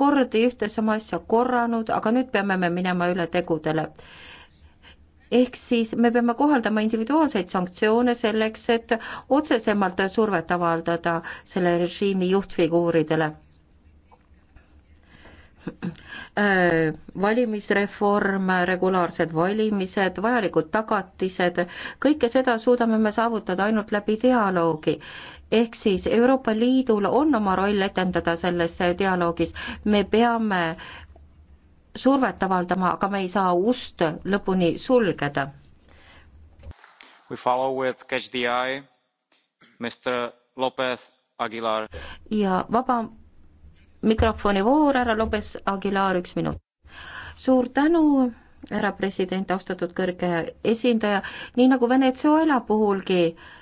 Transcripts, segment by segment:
kordi ühte sama asja korranud, aga nüüd peame me minema üle tegudele. ehk siis me peame kohaldama individuaalseid sanktsioone selleks, et otsesemalt survet avaldada selle režiimi juhtfiguuridele valimisreform, regulaarsed valimised, vajalikud tagatised, kõike seda suudame me saavutada ainult läbi dialoogi ehk siis Euroopa Liidul on oma roll etendada selles dialoogis, me peame survet avaldama, aga me ei saa ust lõpuni sulgeda. We follow with catch the eye, Mr Lopez Aguilar. ja vaba mikrofoni voor, härra Lopez Aguilar, üks minut. suur tänu härra president, austatud kõrge esindaja, nii nagu Venezuela puhulgi äh,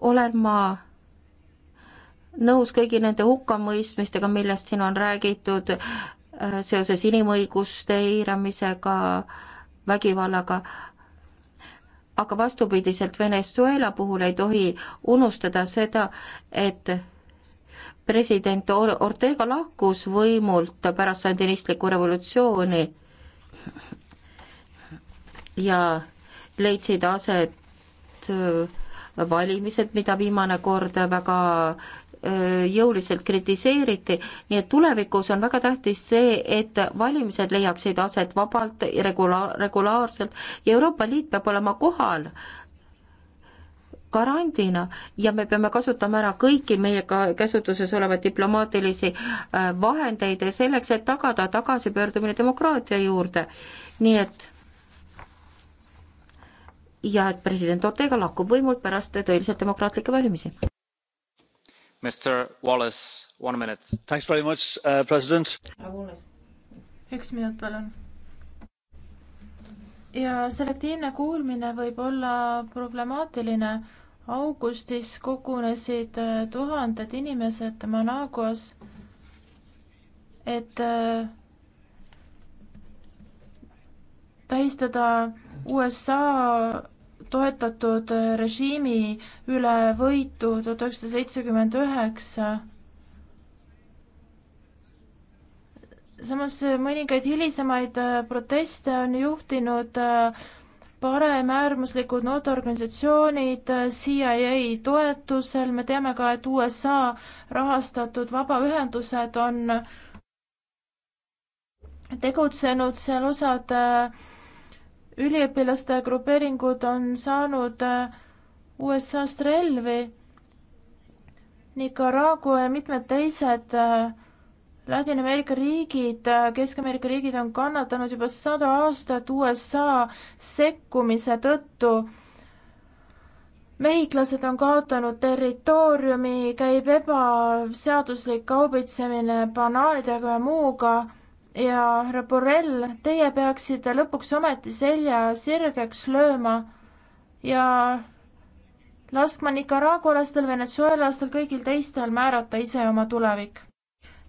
olen ma nõus kõigi nende hukkamõistmistega, millest siin on räägitud äh, seoses inimõiguste eiramisega, vägivallaga, aga vastupidiselt Venezuela puhul ei tohi unustada seda, et president Ortega lahkus võimult pärast sandinistlikku revolutsiooni ja leidsid aset äh, valimised, mida viimane kord väga jõuliselt kritiseeriti, nii et tulevikus on väga tähtis see, et valimised leiaksid aset vabalt, regula-, regulaarselt ja Euroopa Liit peab olema kohal garandina ja me peame kasutama ära kõiki meie ka käsutuses olevaid diplomaatilisi vahendeid selleks, et tagada tagasipöördumine demokraatia juurde. nii et ja et president Ortega lahkub võimult pärast tõeliselt demokraatlikke valimisi. Mr Wallace, one minute. Thanks very much uh,, president. üks minut, palun. ja selektiivne kuulmine võib olla problemaatiline. augustis kogunesid uh, tuhanded inimesed Managuas, et uh, tähistada USA toetatud režiimi üle võitu tuhat üheksasada seitsekümmend üheksa. samas mõningaid hilisemaid äh, proteste on juhtinud äh, paremäärmuslikud noorteorganisatsioonid äh, CIA toetusel, me teame ka, et USA rahastatud vabaühendused on tegutsenud seal osad äh, üliõpilaste grupeeringud on saanud äh, USA-st relvi. Nicaragua ja mitmed teised äh, Ladina-Ameerika riigid, äh, Kesk-Ameerika riigid on kannatanud juba sada aastat USA sekkumise tõttu. mehhiklased on kaotanud territooriumi, käib ebaseaduslik kaubitsemine banaanidega ja muuga ja härra Borrell, teie peaksite lõpuks ometi selja sirgeks lööma ja laskma nicaragualastel, venezuelastel, kõigil teistel määrata ise oma tulevik.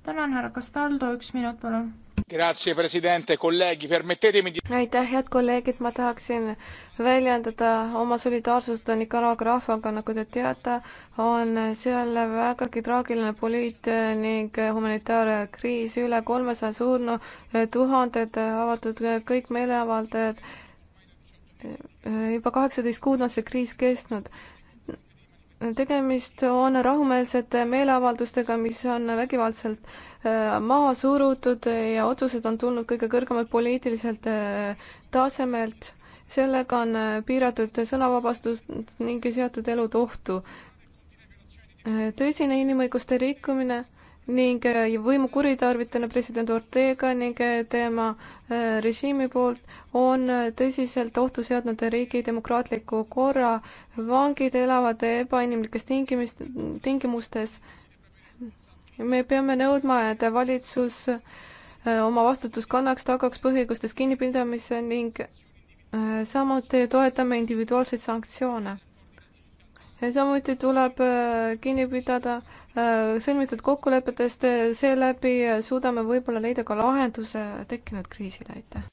tänan, härra Castaldo, üks minut, palun. aitäh, head kolleegid, ma tahaksin väljendada oma solidaarsust Nicaragua rahvaga, nagu te teate, on seal vägagi traagiline poliit- ning humanitaarkriis, üle kolmesaja surnu, tuhanded avatud kõik meeleavaldajad. juba kaheksateist kuud on see kriis kestnud tegemist on rahumeelsete meeleavaldustega, mis on vägivaldselt äh, maha surutud ja otsused on tulnud kõige kõrgemalt poliitiliselt äh, tasemelt sellega on äh, piiratud sõnavabastust ning seatud elud ohtu. Äh, tõsine inimõiguste rikkumine ning äh, võimu kuritarvitamine president Ortega ning tema režiimi poolt on tõsiselt ohtu seadnud riigi demokraatliku korra. vangid elavad ebainimlikes tingimis-, tingimustes. me peame nõudma, et valitsus oma vastutust kannaks, tagaks põhiõigustes kinnipidamise ning samuti toetame individuaalseid sanktsioone. samuti tuleb äh, kinni pidada äh, sõlmitud kokkulepetest, seeläbi suudame võib-olla leida ka lahenduse tekkinud kriisile, aitäh.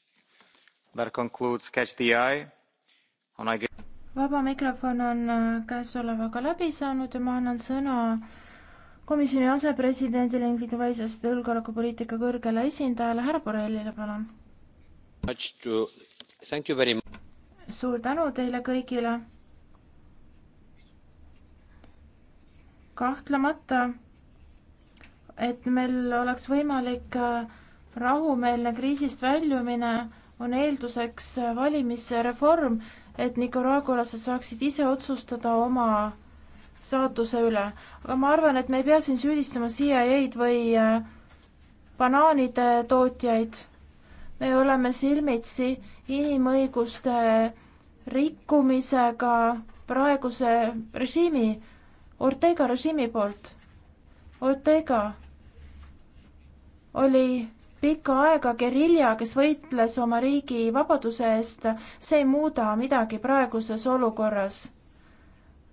vaba mikrofon on äh, käesolevaga läbi saanud ja ma annan sõna komisjoni asepresidendile ning liidu välisasjade julgeolekupoliitika kõrgele esindajale härra Borrellile, palun suur tänu teile kõigile. kahtlemata, et meil oleks võimalik äh, rahumeelne kriisist väljumine, on eelduseks äh, valimisreform, et nicaragulasse saaksid ise otsustada oma saatuse üle. aga ma arvan, et me ei pea siin süüdistama CIA-d või äh, banaanide tootjaid me oleme silmitsi inimõiguste rikkumisega praeguse režiimi, Ortega režiimi poolt. Ortega oli pikka aega gerilja, kes võitles oma riigi vabaduse eest, see ei muuda midagi praeguses olukorras.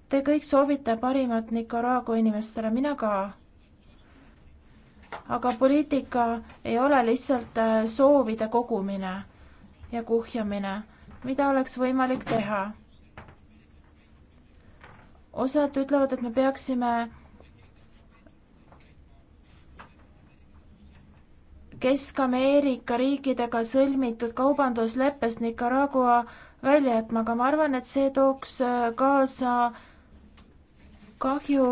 Te kõik soovite parimat Nicaragua inimestele, mina ka aga poliitika ei ole lihtsalt äh, soovide kogumine ja kuhjamine. mida oleks võimalik teha? osad ütlevad, et me peaksime Kesk-Ameerika riikidega sõlmitud kaubandusleppest Nicaragua välja jätma, aga ma arvan, et see tooks äh, kaasa kahju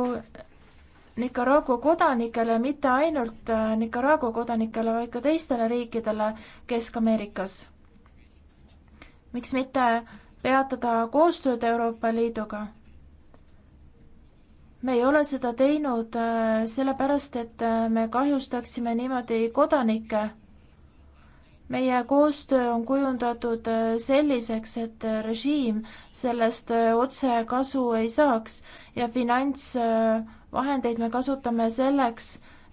Nicaragua kodanikele, mitte ainult äh, Nicaragua kodanikele, vaid ka teistele riikidele Kesk-Ameerikas. miks mitte peatada koostööd Euroopa Liiduga? me ei ole seda teinud äh, sellepärast, et äh, me kahjustaksime niimoodi kodanikke. meie koostöö on kujundatud selliseks, et režiim sellest otse kasu ei saaks ja finants vahendeid me kasutame selleks,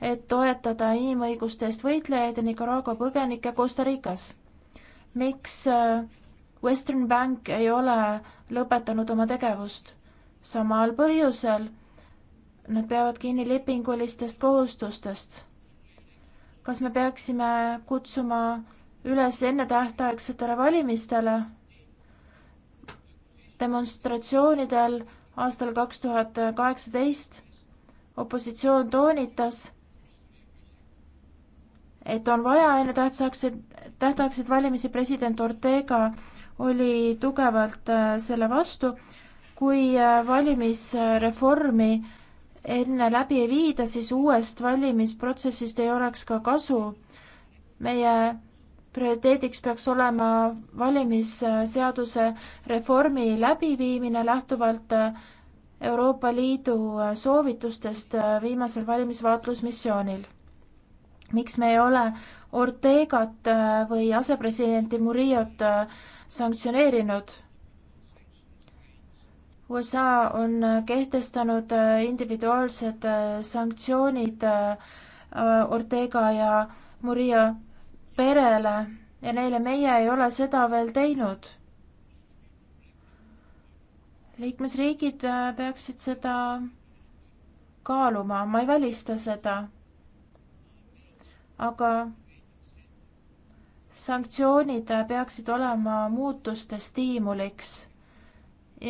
et toetada inimõiguste eest võitlejaid ja Nicaragua põgenikke Costa Ricas. miks äh, Western Bank ei ole lõpetanud oma tegevust? samal põhjusel nad peavad kinni lepingulistest kohustustest. kas me peaksime kutsuma üles ennetähtaegsetele valimistele? demonstratsioonidel aastal kaks tuhat kaheksateist opositsioon toonitas, et on vaja enne tähtsaakseid, tähtaegseid valimisi president Ortega oli tugevalt äh, selle vastu. kui äh, valimisreformi enne läbi ei viida, siis uuest valimisprotsessist ei oleks ka kasu. meie prioriteediks peaks olema valimisseaduse reformi läbiviimine lähtuvalt äh, Euroopa Liidu äh, soovitustest äh, viimasel valimisvaatlusmissioonil. miks me ei ole Ortegat äh, või asepresidenti Murillot sanktsioneerinud? USA on kehtestanud individuaalsed sanktsioonid Ortega ja Murillo perele ja neile meie ei ole seda veel teinud liikmesriigid äh, peaksid seda kaaluma, ma ei välista seda. aga sanktsioonid äh, peaksid olema muutuste stiimuliks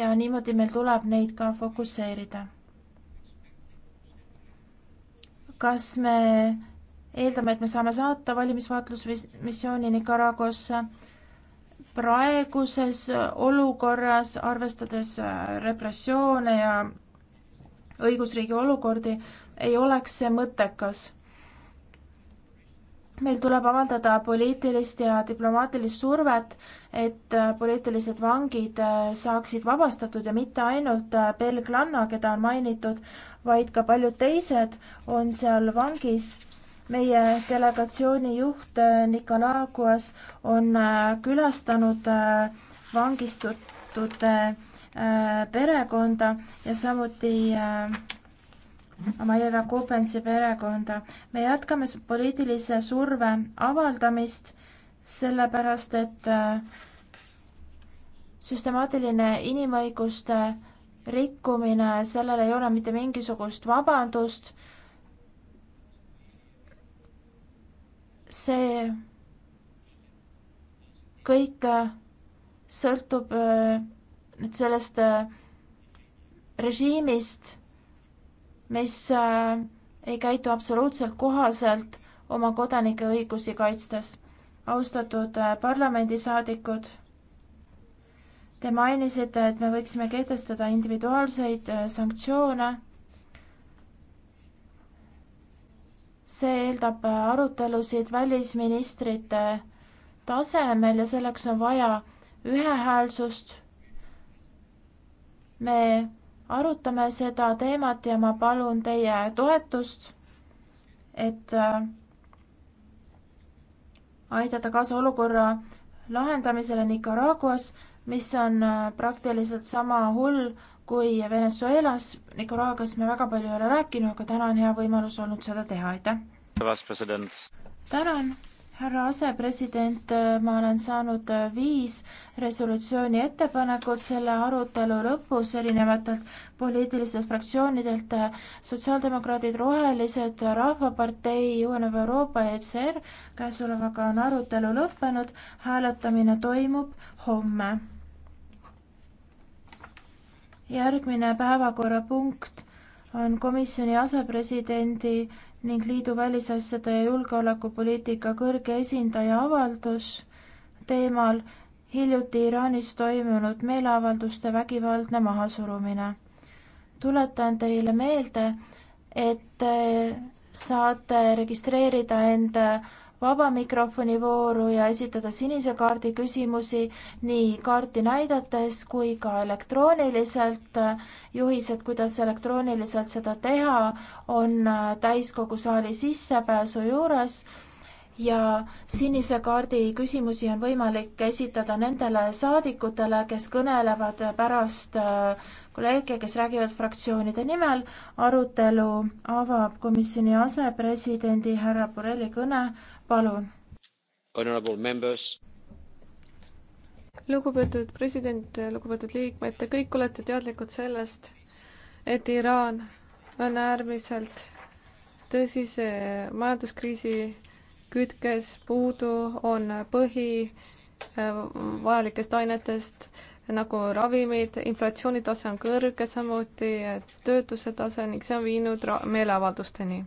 ja niimoodi meil tuleb neid ka fokusseerida. kas me eeldame, et me saame saata valimisvaatlusmissiooni Nicaraguasse? praeguses olukorras, arvestades äh, repressioone ja õigusriigi olukordi, ei oleks see mõttekas. meil tuleb avaldada poliitilist ja diplomaatilist survet, et äh, poliitilised vangid äh, saaksid vabastatud ja mitte ainult Belglanna, keda on mainitud, vaid ka paljud teised on seal vangis meie delegatsiooni juht äh, Nicaraguas on äh, külastanud äh, vangistatud perekonda ja samuti Amajeva Kupensi perekonda. me jätkame poliitilise surve avaldamist, sellepärast et süstemaatiline inimõiguste rikkumine, sellel ei ole mitte mingisugust vabandust see kõik äh, sõltub äh, nüüd sellest äh, režiimist, mis ei käitu absoluutselt kohaselt oma kodanike õigusi kaitstes. austatud parlamendisaadikud, te mainisite, et me võiksime kehtestada individuaalseid sanktsioone see eeldab arutelusid välisministrite tasemel ja selleks on vaja ühehäälsust. me arutame seda teemat ja ma palun teie toetust, et äh, aidata kaasa olukorra lahendamisele Nicaraguas, mis on äh, praktiliselt sama hull kui Venezuelas, Nicaraguas me väga palju ei ole rääkinud, aga täna on hea võimalus olnud seda teha, aitäh! tänan, härra asepresident, ma olen saanud viis resolutsiooni ettepanekut selle arutelu lõpus erinevatelt poliitilistelt fraktsioonidelt, sotsiaaldemokraadid, rohelised, Rahvapartei, UNEP Euroopa ja ECR. käesolevaga on arutelu lõppenud, hääletamine toimub homme järgmine päevakorrapunkt on komisjoni asepresidendi ning liidu välisasjade ja julgeolekupoliitika kõrge esindaja avaldus teemal hiljuti iraanis toimunud meeleavalduste vägivaldne mahasurumine tuletan teile meelde et saate registreerida end vaba mikrofoni vooru ja esitada sinise kaardi küsimusi nii kaarti näidates kui ka elektrooniliselt. juhised, kuidas elektrooniliselt seda teha, on täiskogu saali sissepääsu juures ja sinise kaardi küsimusi on võimalik esitada nendele saadikutele, kes kõnelevad pärast äh, kolleege, kes räägivad fraktsioonide nimel. arutelu avab komisjoni asepresidendi härra Borrelli kõne palun. lugupeetud president, lugupeetud liikmed, te kõik olete teadlikud sellest, et Iraan on äärmiselt tõsise majanduskriisi kütkes, puudu on põhi äh, vajalikest ainetest nagu ravimid, inflatsioonitase on kõrge, samuti töötuse tase ning see on viinud meeleavaldusteni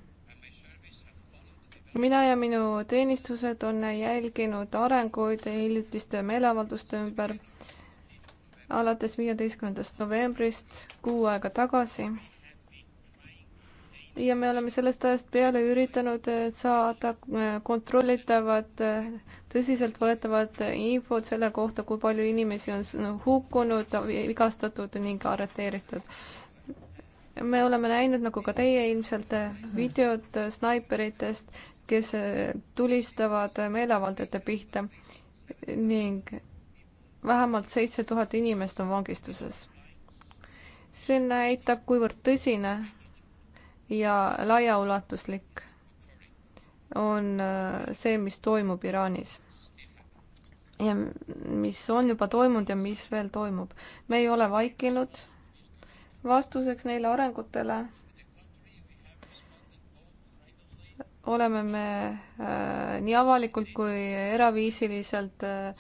mina ja minu teenistused on jälginud arenguid hiljutiste meeleavalduste ümber alates viieteistkümnendast novembrist kuu aega tagasi. ja me oleme sellest ajast peale üritanud saada äh, kontrollitavat, äh, tõsiseltvõetavat infot selle kohta, kui palju inimesi on hukkunud, vigastatud ning arreteeritud. me oleme näinud, nagu ka teie ilmselt, äh, videot snaiperitest kes eh, tulistavad eh, meeleavaldajate pihta ning vähemalt seitse tuhat inimest on vangistuses. see näitab, kuivõrd tõsine ja laiaulatuslik on eh, see, mis toimub Iraanis. ja mis on juba toimunud ja mis veel toimub. me ei ole vaikinud. vastuseks neile arengutele oleme me äh, nii avalikult kui eraviisiliselt äh,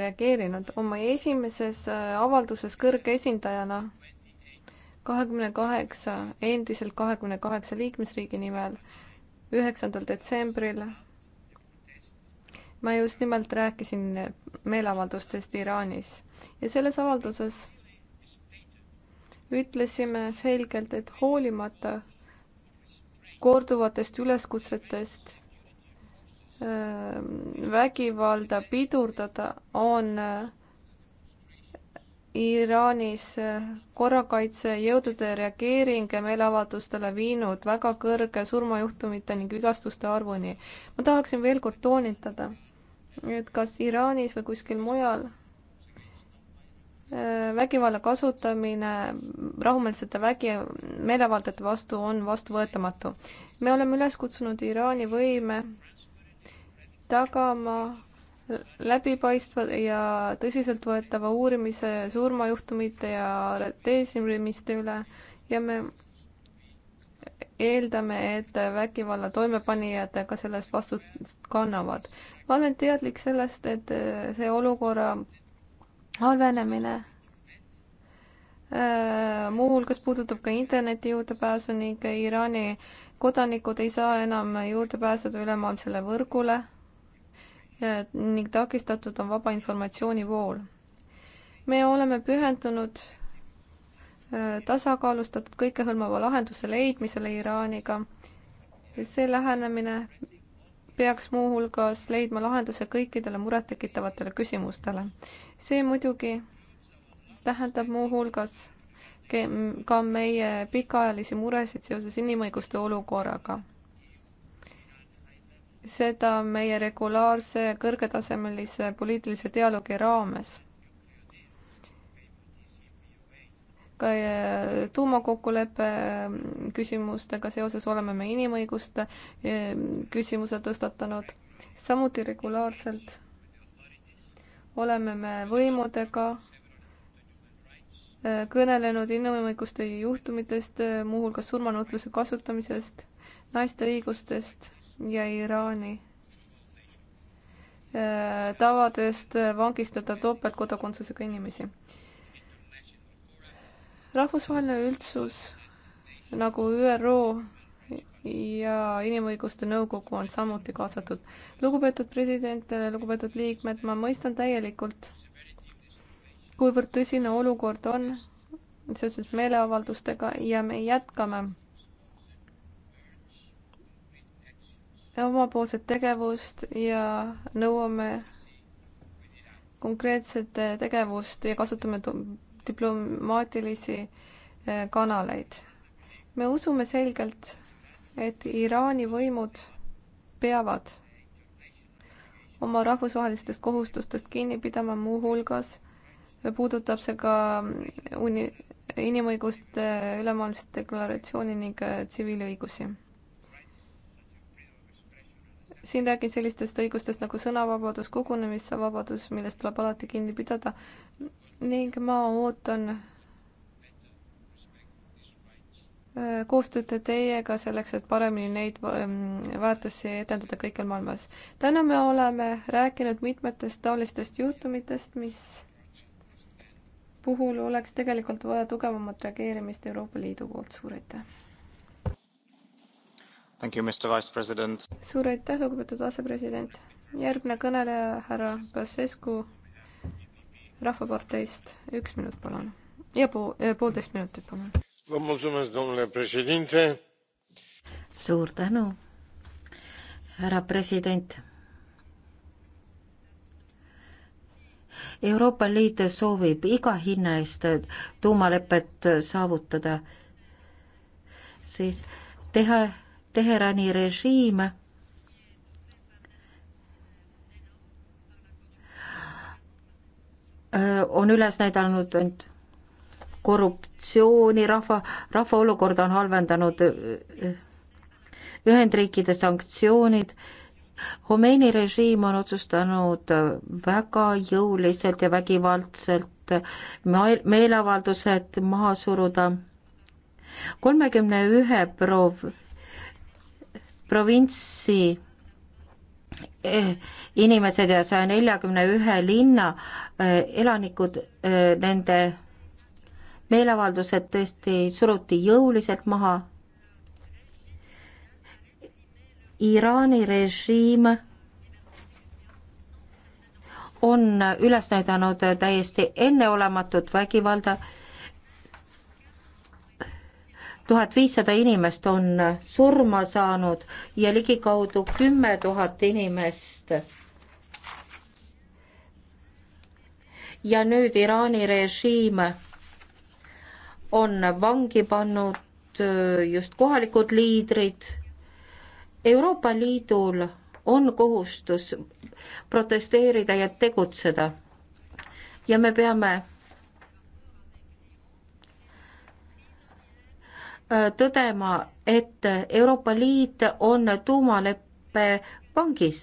reageerinud. oma esimeses äh, avalduses kõrge esindajana kahekümne kaheksa, endiselt kahekümne kaheksa liikmesriigi nimel üheksandal detsembril ma just nimelt rääkisin meeleavaldustest Iraanis ja selles avalduses ütlesime selgelt, et hoolimata korduvatest üleskutsetest äh, vägivalda pidurdada on äh, Iraanis äh, korrakaitsejõudude reageering meeleavaldustele viinud väga kõrge surmajuhtumite ning vigastuste arvuni. ma tahaksin veel kord toonitada, et kas Iraanis või kuskil mujal vägivalla kasutamine rahumeelsete vägi, meelevaldajate vastu on vastuvõetamatu. me oleme üles kutsunud Iraani võime tagama läbipaistva ja tõsiseltvõetava uurimise surmajuhtumite ja arreteerimiste üle ja me eeldame, et vägivalla toimepanijad ka sellest vastutust kannavad. ma olen teadlik sellest, et see olukorra halvenemine äh, muuhulgas puudutab ka interneti juurdepääsu ning Iraani kodanikud ei saa enam juurde pääseda ülemaailmsele võrgule ning takistatud on vaba informatsiooni vool. me oleme pühendunud äh, tasakaalustatud kõikehõlmava lahenduse leidmisele Iraaniga. see lähenemine peaks muuhulgas leidma lahenduse kõikidele murettekitavatele küsimustele. see muidugi tähendab muuhulgas ka meie pikaajalisi muresid seoses inimõiguste olukorraga. seda meie regulaarse kõrgetasemelise poliitilise dialoogi raames. ka äh, tuumakokkuleppe äh, küsimustega seoses oleme me inimõiguste äh, küsimuse tõstatanud. samuti regulaarselt oleme me võimudega kõnelenud inimõiguste juhtumitest, muuhulgas surmanutluse kasutamisest, naiste õigustest ja Iraani tavadest vangistada topeltkodakondsusega inimesi rahvusvaheline üldsus nagu ÜRO ja Inimõiguste Nõukogu on samuti kaasatud. lugupeetud president, lugupeetud liikmed, ma mõistan täielikult, kuivõrd tõsine olukord on seoses meeleavaldustega ja me jätkame omapoolset tegevust ja nõuame konkreetset tegevust ja kasutame diplomaatilisi äh, kanaleid. me usume selgelt, et Iraani võimud peavad oma rahvusvahelistest kohustustest kinni pidama, muuhulgas äh, puudutab see ka mm, uni-, inimõiguste äh, ülemaailmset deklaratsiooni ning tsiviilõigusi. siin räägin sellistest õigustest nagu sõnavabadus, kogunemisvabadus, millest tuleb alati kinni pidada ning ma ootan äh, koostööd teiega selleks, et paremini neid ähm, väärtusi edendada kõikjal maailmas. täna me oleme rääkinud mitmetest taolistest juhtumitest, mis puhul oleks tegelikult vaja tugevamat reageerimist Euroopa Liidu poolt. suur aitäh! suur aitäh, lugupeetud asepresident! järgmine kõneleja, härra Basescu Rahvaparteist üks minut, palun. ja po-, poolteist minutit, palun. suur tänu, härra president Euroopa Liit soovib iga hinna eest tuumalepet saavutada, siis teha Teherani režiim Äh, on üles näidanud end korruptsiooni, rahva, rahva olukorda on halvendanud äh, äh, Ühendriikide sanktsioonid. Homeini režiim on otsustanud väga jõuliselt ja vägivaldselt meeleavaldused maha suruda. kolmekümne ühe prov-, provintsi Eh, inimesed ja saja neljakümne ühe linna eh, elanikud, eh, nende meeleavaldused tõesti suruti jõuliselt maha. Iraani režiim on üles näidanud täiesti enneolematut vägivalda tuhat viissada inimest on surma saanud ja ligikaudu kümme tuhat inimest. ja nüüd Iraani režiim on vangi pannud äh, just kohalikud liidrid. Euroopa Liidul on kohustus protesteerida ja tegutseda. ja me peame Äh, tõdema, et Euroopa Liit on tuumaleppe pangis.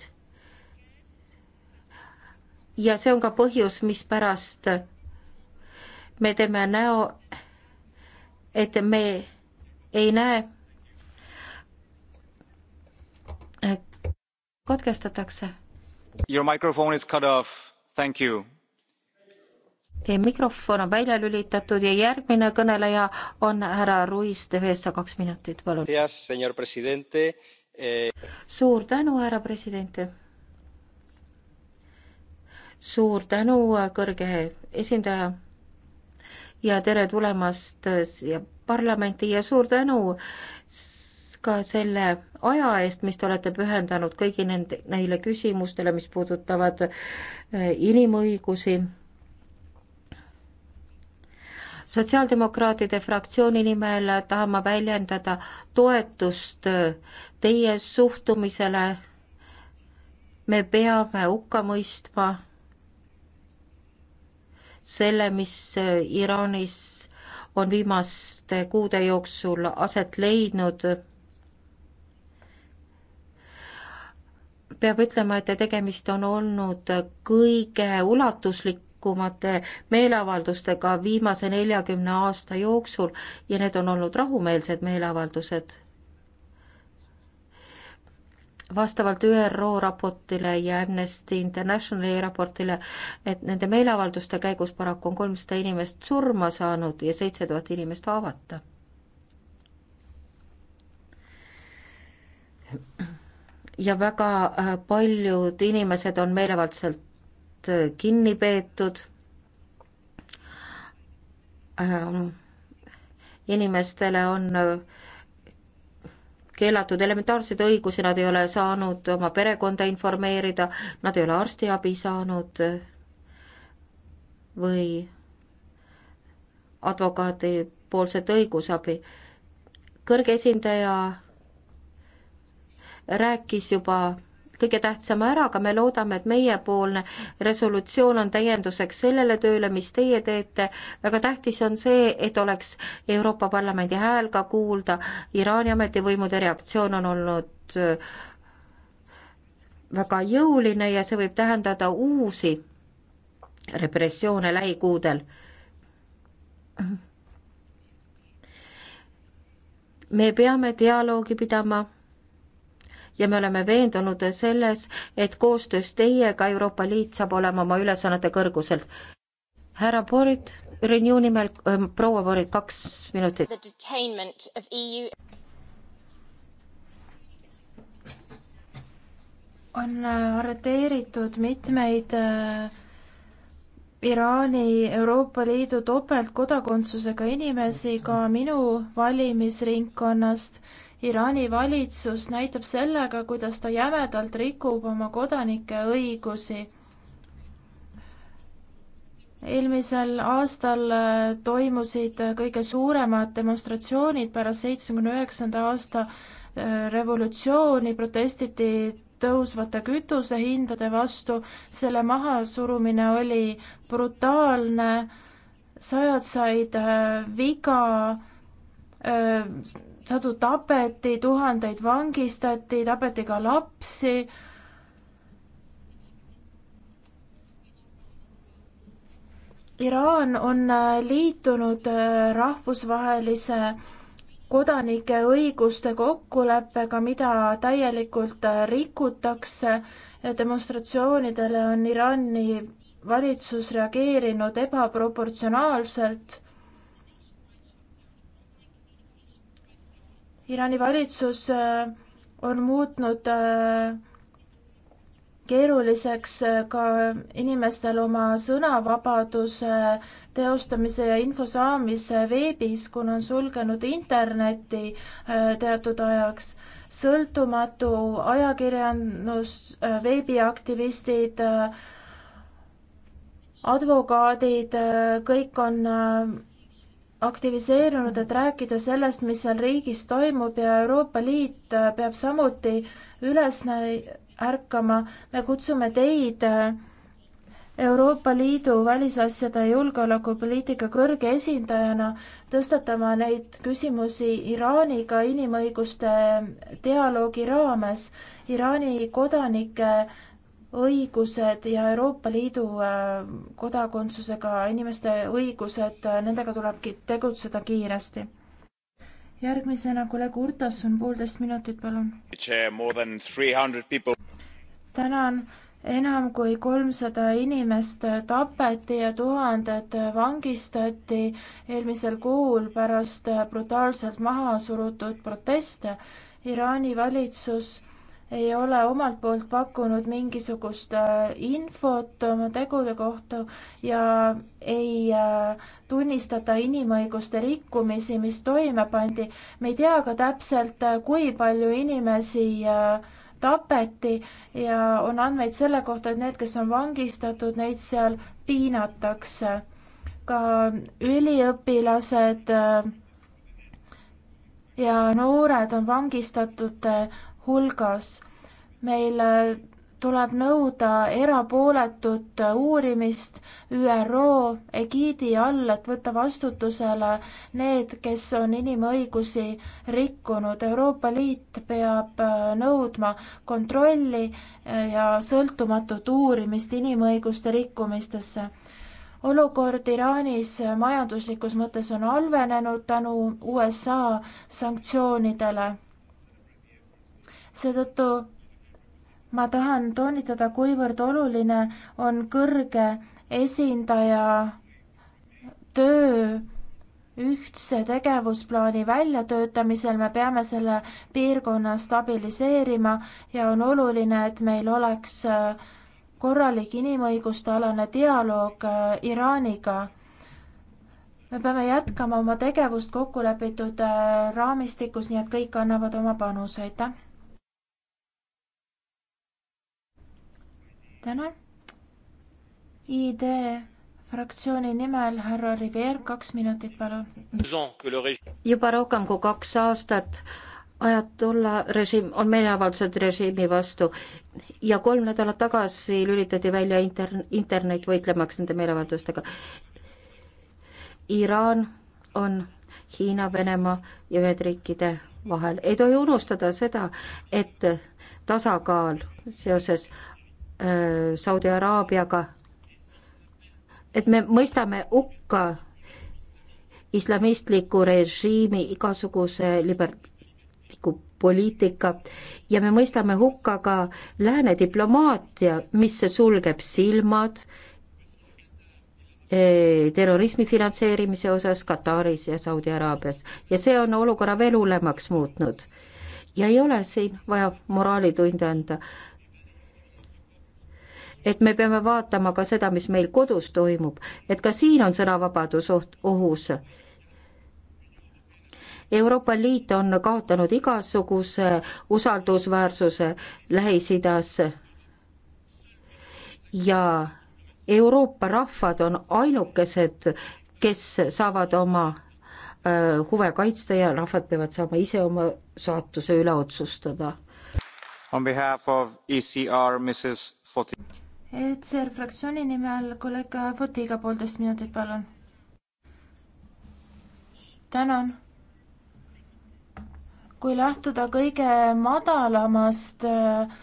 ja see on ka põhjus, mispärast me teeme näo, et me ei näe, katkestatakse. Your microphone is cut off, thank you Teie mikrofon on välja lülitatud ja järgmine kõneleja on härra Ruiz de Vesa, kaks minutit, palun. Eh, suur tänu, härra president. suur tänu, kõrge esindaja. ja tere tulemast siia parlamenti ja suur tänu ka selle aja eest, mis te olete pühendanud kõigi nende, neile küsimustele, mis puudutavad eh, inimõigusi sotsiaaldemokraatide fraktsiooni nimel tahan ma väljendada toetust teie suhtumisele. me peame hukka mõistma selle, mis Iraanis on viimaste kuude jooksul aset leidnud peab ütlema, et tegemist on olnud kõige ulatuslik-, rahulikumate meeleavaldustega viimase neljakümne aasta jooksul ja need on olnud rahumeelsed meeleavaldused. vastavalt ÜRO raportile ja Amnesty Internationali raportile, et nende meeleavalduste käigus paraku on kolmsada inimest surma saanud ja seitse tuhat inimest haavata ja väga äh, paljud inimesed on meelevaldselt Äh, kinni peetud ähm, inimestele on äh, keelatud elementaarseid õigusi, nad ei ole saanud oma perekonda informeerida, nad ei ole arstiabi saanud äh, või advokaadi poolset õigusabi. kõrge esindaja rääkis juba kõige tähtsama ära, aga me loodame, et meiepoolne resolutsioon on täienduseks sellele tööle, mis teie teete. väga tähtis on see, et oleks Euroopa Parlamendi hääl ka kuulda. Iraani ametivõimude reaktsioon on olnud äh, väga jõuline ja see võib tähendada uusi repressioone lähikuudel me peame dialoogi pidama ja me oleme veendunud selles, et koostöös teiega Euroopa Liit saab olema oma ülesannete kõrguselt. härra Borit, Renew nimel äh,, proua Borit, kaks minutit. E on äh, arreteeritud mitmeid äh, Iraani Euroopa Liidu topeltkodakondsusega inimesi ka minu valimisringkonnast Iraani valitsus näitab sellega, kuidas ta jämedalt rikub oma kodanike õigusi. eelmisel aastal äh, toimusid äh, kõige suuremad demonstratsioonid pärast seitsmekümne üheksanda aasta äh, revolutsiooni, protestiti tõusvate kütusehindade vastu, selle mahasurumine oli brutaalne, sajad said viga sadu tapeti, tuhandeid vangistati, tapeti ka lapsi. Iraan on äh, liitunud äh, rahvusvahelise kodanike õiguste kokkuleppega, mida täielikult äh, rikutakse ja demonstratsioonidele on Iraani valitsus reageerinud ebaproportsionaalselt Iraani valitsus äh, on muutnud äh, keeruliseks äh, ka inimestel oma sõnavabaduse teostamise ja info saamise veebis, kuna on sulgenud interneti teatud ajaks. sõltumatu ajakirjandus, veebiaktivistid, advokaadid, kõik on aktiviseerunud, et rääkida sellest, mis seal riigis toimub ja Euroopa Liit äh, peab samuti üles ärkama. me kutsume teid äh, Euroopa Liidu välisasjade ja julgeolekupoliitika kõrge esindajana tõstatama neid küsimusi Iraaniga inimõiguste dialoogi raames. Iraani kodanike õigused ja Euroopa Liidu äh, kodakondsusega inimeste õigused, äh, nendega tulebki tegutseda kiiresti. järgmisena kolleeg Urtasson, poolteist minutit, palun. tänan, enam kui kolmsada inimest tapeti ja tuhanded vangistati eelmisel kuul pärast brutaalselt maha surutud proteste. Iraani valitsus ei ole omalt poolt pakkunud mingisugust äh, infot oma tegude kohta ja ei äh, tunnistata inimõiguste rikkumisi, mis toime pandi. me ei tea ka täpselt, äh, kui palju inimesi tapeti ja on andmeid selle kohta, et need, kes on vangistatud, neid seal piinatakse. ka üliõpilased ja noored on vangistatud hulgas. meil tuleb nõuda erapooletut uurimist ÜRO egiidi all, et võtta vastutusele need, kes on inimõigusi rikkunud. Euroopa Liit peab äh, nõudma kontrolli äh, ja sõltumatut uurimist inimõiguste rikkumistesse. olukord Iraanis majanduslikus mõttes on halvenenud tänu USA sanktsioonidele seetõttu ma tahan toonitada, kuivõrd oluline on kõrge esindaja töö ühtse tegevusplaani väljatöötamisel me peame selle piirkonna stabiliseerima ja on oluline, et meil oleks korralik inimõiguste alane dialoog äh, Iraaniga. me peame jätkama oma tegevust kokkulepitud äh, raamistikus, nii et kõik annavad oma panuse, aitäh! tänan. ID fraktsiooni nimel härra Rivier, kaks minutit, palun. juba rohkem kui kaks aastat ajatolla režiim on meeleavaldused režiimi vastu ja kolm nädalat tagasi lülitati välja inter-, internet võitlemaks nende meeleavaldustega. Iraan on Hiina, Venemaa ja Ühendriikide vahel. ei tohi unustada seda, et tasakaal seoses Äh, Saudi Araabiaga, et me mõistame hukka islamistliku režiimi igasuguse libertliku poliitika ja me mõistame hukka ka lääne diplomaatia, mis sulgeb silmad äh, terrorismi finantseerimise osas Kataris ja Saudi Araabias ja see on olukorra veel hullemaks muutnud. ja ei ole siin vaja moraalitunde anda et me peame vaatama ka seda, mis meil kodus toimub, et ka siin on sõnavabadus oht, ohus. Euroopa Liit on kaotanud igasuguse usaldusväärsuse Lähis-Idas ja Euroopa rahvad on ainukesed, kes saavad oma öö, äh, huve kaitsta ja rahvad peavad saama ise oma saatuse üle otsustada. on behalf of ECR Mrs Fotig. ECR fraktsiooni nimel kolleeg Fotiga poolteist minutit, palun. tänan. kui lähtuda kõige madalamast äh,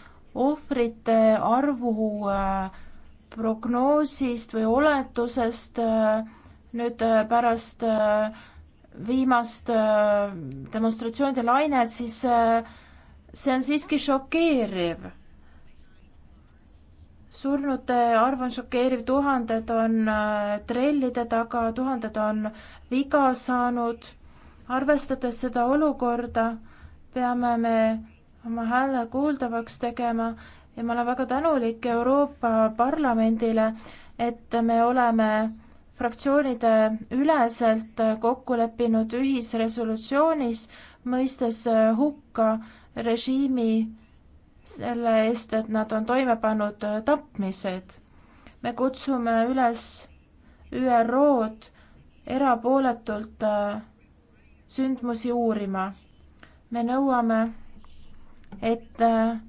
ohvrite arvu äh, prognoosist või oletusest äh, nüüd pärast viimast demonstratsioonide lainet, siis see on siiski šokeeriv surnute arv on šokeeriv, tuhanded on äh, trellide taga, tuhanded on viga saanud. arvestades seda olukorda, peame me oma hääle kuuldavaks tegema ja ma olen väga tänulik Euroopa Parlamendile, et me oleme fraktsioonide üleselt kokku leppinud ühisresolutsioonis, mõistes hukka režiimi selle eest, et nad on toime pannud äh, tapmised. me kutsume üles ÜRO-d erapooletult äh, sündmusi uurima. me nõuame, et äh,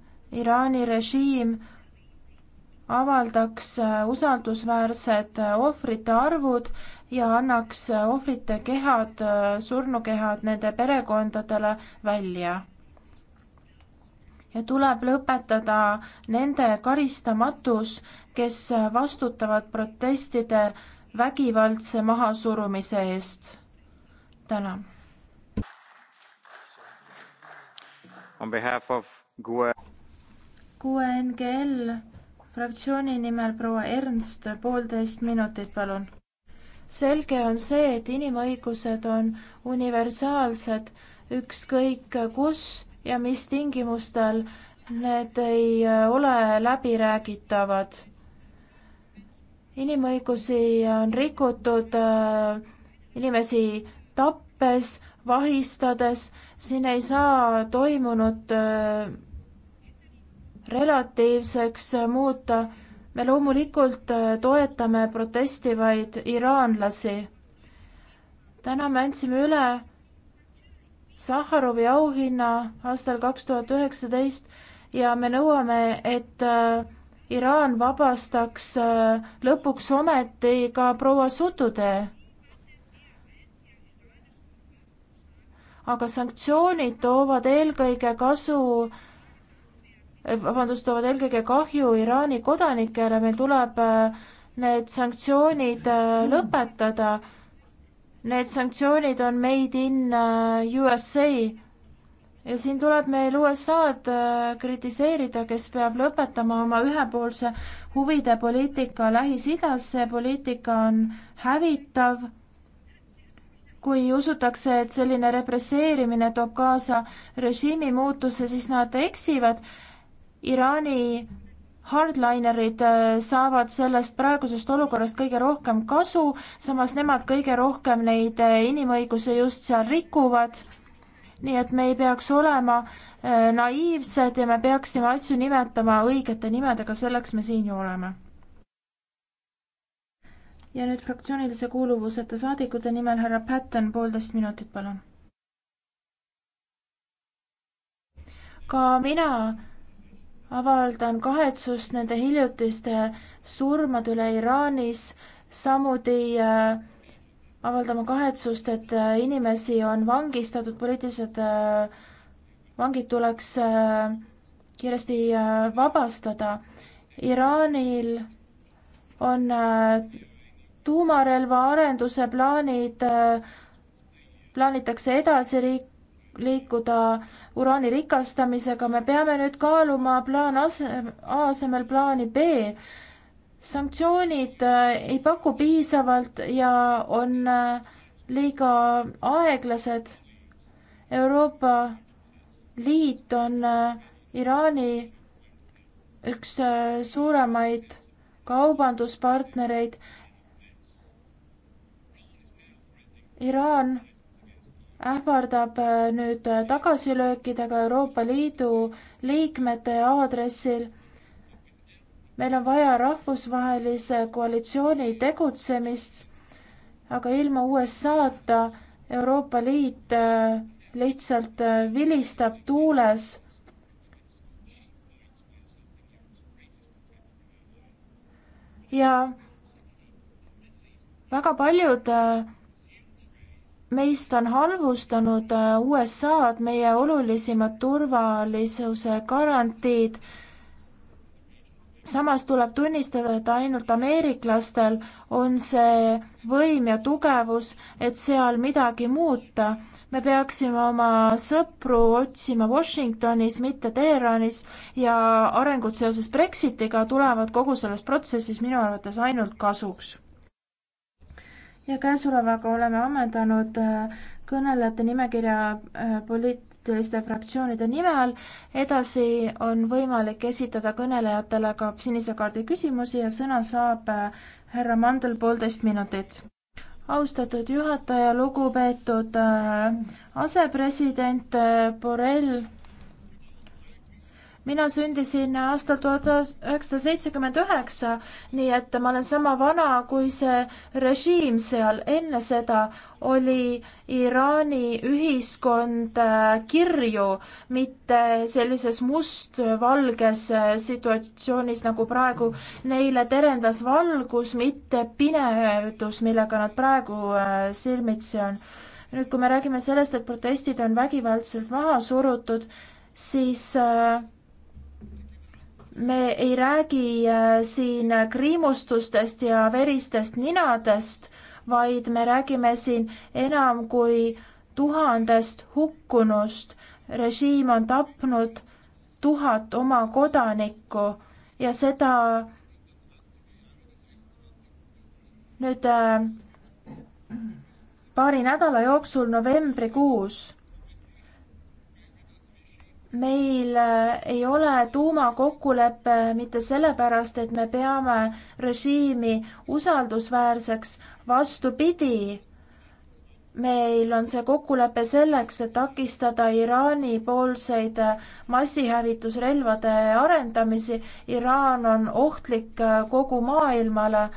Iraani režiim avaldaks usaldusväärsed ohvrite arvud ja annaks ohvrite kehad, surnukehad nende perekondadele välja ja tuleb lõpetada nende karistamatus, kes vastutavad protestide vägivaldse mahasurumise eest. tänan. On behalf of GUE. GUE NGL fraktsiooni nimel proua Ernst, poolteist minutit, palun. selge on see, et inimõigused on universaalsed, ükskõik kus ja mis tingimustel need ei äh, ole läbiräägitavad. inimõigusi on rikutud, äh, inimesi tappes, vahistades, siin ei saa toimunut äh, relatiivseks muuta. me loomulikult toetame protestivaid iraanlasi. täna me andsime üle Sahharovi auhinna aastal kaks tuhat üheksateist ja me nõuame, et äh, Iraan vabastaks äh, lõpuks ometi ka proua Sututee. aga sanktsioonid toovad eelkõige kasu, äh, vabandust, toovad eelkõige kahju Iraani kodanikele, meil tuleb need sanktsioonid lõpetada Need sanktsioonid on made in äh, USA ja siin tuleb meil USA-d äh, kritiseerida, kes peab lõpetama oma ühepoolse huvide poliitika Lähis-Idas, see poliitika on hävitav, kui usutakse, et selline represseerimine toob kaasa režiimi muutuse, siis nad eksivad. Iraani hardlinerid äh, saavad sellest praegusest olukorrast kõige rohkem kasu, samas nemad kõige rohkem neid äh, inimõigusi just seal rikuvad. nii et me ei peaks olema äh, naiivsed ja me peaksime asju nimetama õigete nimedega, selleks me siin ju oleme. ja nüüd fraktsioonilise kuuluvuseta saadikute nimel härra Patten, poolteist minutit, palun. ka mina avaldan kahetsust nende hiljutiste surmade üle Iraanis, samuti äh, avaldame kahetsust, et äh, inimesi on vangistatud, poliitilised äh, vangid tuleks kiiresti vabastada. Iraanil on tuumarelva arenduse plaanid, plaanitakse edasi liikuda uraani rikastamisega, me peame nüüd kaaluma plaan ase-, asemel plaani B. sanktsioonid äh, ei paku piisavalt ja on äh, liiga aeglased. Euroopa Liit on äh, Iraani üks suuremaid kaubanduspartnereid. Iraan ähvardab äh, nüüd äh, tagasilöökidega Euroopa Liidu liikmete aadressil. meil on vaja rahvusvahelise koalitsiooni tegutsemist, aga ilma USA-ta Euroopa Liit äh, lihtsalt vilistab tuules ja väga paljud meist on halvustanud äh, USA-d, meie olulisimad turvalisuse garantiid. samas tuleb tunnistada, et ainult ameeriklastel on see võim ja tugevus, et seal midagi muuta. me peaksime oma sõpru otsima Washingtonis, mitte Teheranis ja arengud seoses Brexitiga tulevad kogu selles protsessis minu arvates ainult kasuks ja käesolevaga oleme ammendanud äh, kõnelejate nimekirja äh, poliitiliste fraktsioonide nimel. edasi on võimalik esitada kõnelejatele ka sinise kaardi küsimusi ja sõna saab äh, härra Mandel poolteist minutit. austatud juhataja, lugupeetud asepresident Borrell mina sündisin aastal tuhat üheksasada seitsekümmend üheksa, nii et ma olen sama vana kui see režiim seal. enne seda oli Iraani ühiskond äh, kirju, mitte sellises mustvalges äh, situatsioonis nagu praegu. Neile terendas valgus, mitte pinevdus, millega nad praegu äh, silmitsi on. nüüd, kui me räägime sellest, et protestid on vägivaldselt maha surutud, siis äh, me ei räägi äh, siin kriimustustest ja veristest ninadest, vaid me räägime siin enam kui tuhandest hukkunust. režiim on tapnud tuhat oma kodanikku ja seda nüüd äh, paari nädala jooksul novembrikuus meil äh, ei ole tuumakokkulepe mitte sellepärast, et me peame režiimi usaldusväärseks, vastupidi, meil on see kokkulepe selleks, et takistada Iraani poolseid äh, massihävitusrelvade arendamisi. Iraan on ohtlik äh, kogu maailmale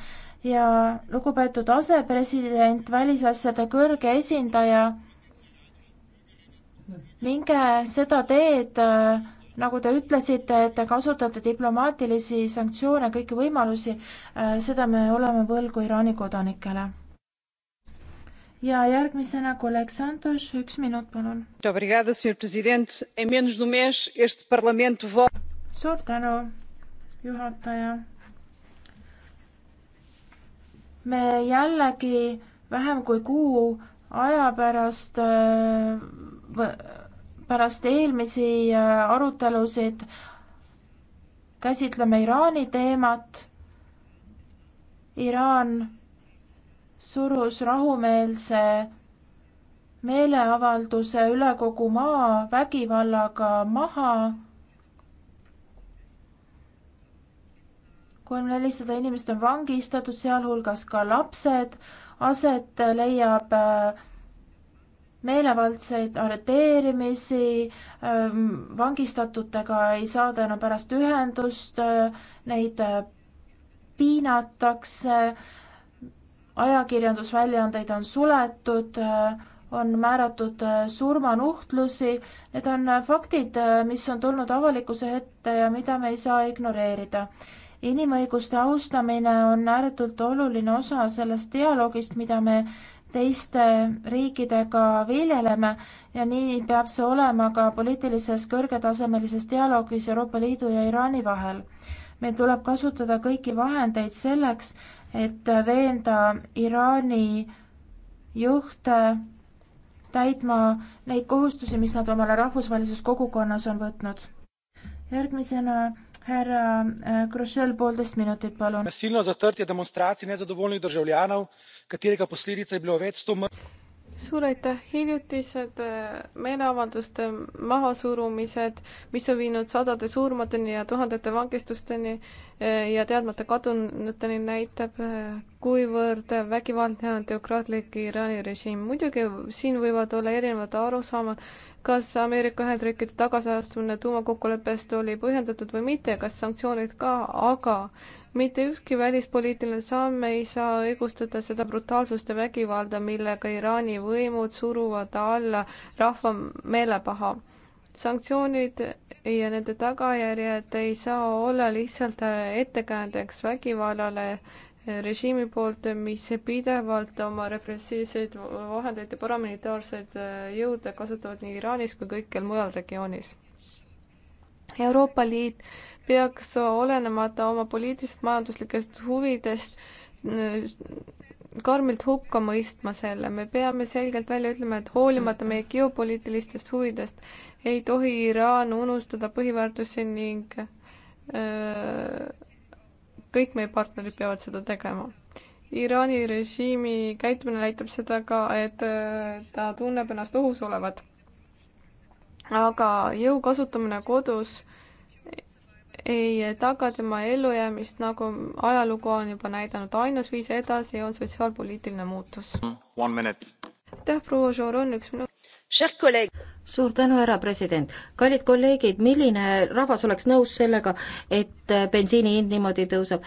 ja lugupeetud asepresident, välisasjade kõrge esindaja minge seda teed, äh, nagu te ütlesite, et te kasutate diplomaatilisi sanktsioone, kõiki võimalusi, äh, seda me oleme võlgu Iraani kodanikele. ja järgmisena kolleeg Santos, üks minut, palun. Um suur tänu, juhataja. me jällegi vähem kui kuu aja pärast äh, pärast eelmisi äh, arutelusid käsitleme Iraani teemat. Iraan surus rahumeelse meeleavalduse üle kogu maa vägivallaga maha. kolm-nelisada inimest on vangistatud, sealhulgas ka lapsed. aset leiab äh, meelevaldseid arreteerimisi, ähm, vangistatutega ei saada enam pärast ühendust, äh, neid äh, piinatakse, ajakirjandusväljaandeid on suletud, äh, on määratud surmanuhtlusi, need on faktid, mis on tulnud avalikkuse ette ja mida me ei saa ignoreerida. inimõiguste austamine on ääretult oluline osa sellest dialoogist, mida me teiste riikidega viljeleme ja nii peab see olema ka poliitilises kõrgetasemelises dialoogis Euroopa Liidu ja Iraani vahel. meil tuleb kasutada kõiki vahendeid selleks, et veenda Iraani juhte täitma neid kohustusi, mis nad omale rahvusvahelises kogukonnas on võtnud. järgmisena härra Grošel, eh, poolteist minutit, palun. nasilno zatrtje demonstracij nezadovoljnih državljanov, katerega posledica je bilo več sto mrtvih suur aitäh, hiljutised äh, meeleavalduste mahasurumised, mis on viinud sadade surmadeni ja tuhandete vangistusteni äh, ja teadmata kadunuteni, näitab, äh, kuivõrd vägivaldne on demokraatlik Iraani režiim. muidugi siin võivad olla erinevad arusaamad, kas Ameerika Ühendriikide tagasiastumine tuumakokkuleppest oli põhjendatud või mitte, kas sanktsioonid ka, aga mitte ükski välispoliitiline samm ei saa õigustada seda brutaalsust ja vägivalda, millega Iraani võimud suruvad alla rahva meelepaha. sanktsioonid ja nende tagajärjed ei saa olla lihtsalt ettekäändeks vägivallale režiimi poolt, mis pidevalt oma repressiivseid vahendeid ja paramilitaarseid jõude kasutavad nii Iraanis kui kõikjal mujal regioonis. Euroopa Liit peaks olenemata oma poliitilistest majanduslikest huvidest karmilt hukka mõistma selle, me peame selgelt välja ütlema, et hoolimata meie geopoliitilistest huvidest ei tohi Iraan unustada põhiväärtusi ning öö, kõik meie partnerid peavad seda tegema. Iraani režiimi käitumine näitab seda ka, et öö, ta tunneb ennast ohus olevat. aga jõu kasutamine kodus öö, ei taga tema ellujäämist, nagu ajalugu on juba näidanud. ainus viis edasi on sotsiaalpoliitiline muutus. aitäh, proua Joron, üks minut. suur tänu, härra president. kallid kolleegid, milline rahvas oleks nõus sellega, et bensiini hind niimoodi tõuseb?